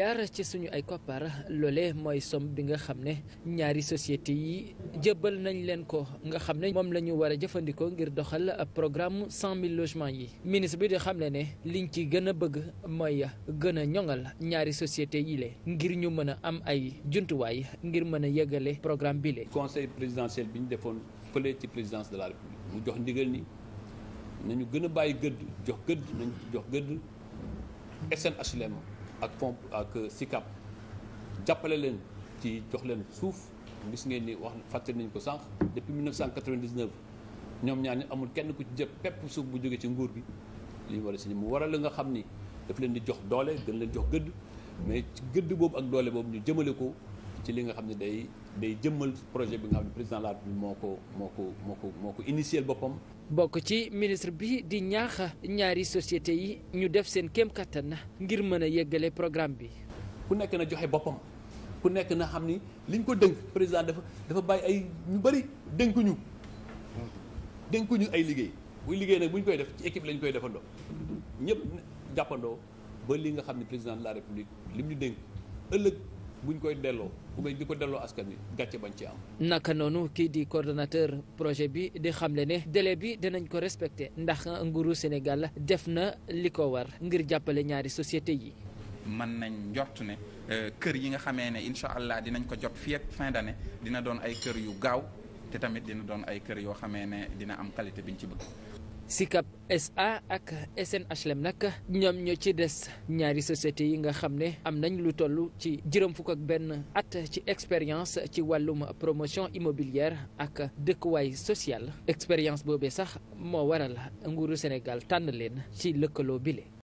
jaar ci suñu ay koppar loolee mooy somme bi nga xam ne ñaari société yi jëbal nañ leen ko nga xam ne moom lañu ñu war a jëfandikoo ngir doxal programme cent mille yi ministre bi di xam ne ne li ñu ci gën a bëgg mooy gën a ñoŋal ñaari société yi le ngir ñu mën a am ay jumtuwaay ngir mën a yegale programme bi le conseil présidentiel bi ñu defoon fële ci présidence de la république mu jox ndigal ni nañu gën a bàyyi gëdd jox gëdd nañ jox gëdd SN ak fond ak SICAP jàppale leen ci jox leen suuf gis ngeen ni wax fàttali nañ ko sànq depuis 1999 ñoom ñaar ni amul kenn ku ci jëpp pepp suuf bu jógee ci nguur gi li ñu war a si mu a la nga xam ni daf leen di jox doole gën leen jox gëdd mais ci gëdd boobu ak doole boobu ñu jëmale ko ci li nga xam ne day day jëmmal projet bi nga xam ne président de la République moo ko moo ko moo ko moo ko initier boppam. bokk ci ministre bi di ñaax ñaari société yi ñu def seen kéem kattan ngir mën a yeggale programme bi. ku nekk na joxe boppam ku nekk na xam ni liñ ko dënk président dafa dafa bàyyi ay ñu bëri dënkuñu dënkuñu ay liggéey bu liggéey nag bu ñu koy def ci équipe lañ koy defandoo ñëpp jàppandoo ba li nga xam ne président de la république lim ñu dénk buñ koy delloo ou bien di ko delloo askan bi gàcce bañ ci am. naka noonu kii di coordinateur projet bi di xamle ne délai bi dinañ ko respecté ndax nguuru Sénégal def na li ko war ngir jàppale ñaari société yi. mën nañ njort ne euh, kër yi nga xamee ne incha allah dinañ ko jot fii ak fin d'année dina doon ay kër yu gaaw te tamit dina doon ay kër yoo xamee ne dina am qualité biñ ci bëgg. SICAP SA ak SNHLM nag ñoom ñoo ci des ñaari société yi nga xam ne am nañ lu toll ci juróom fukk ak benn at ci expérience ci wàllum promotion immobilière ak dëkkuwaay social expérience boobe sax moo waral nguuru Sénégal tànn leen ci lëkkaloo bile.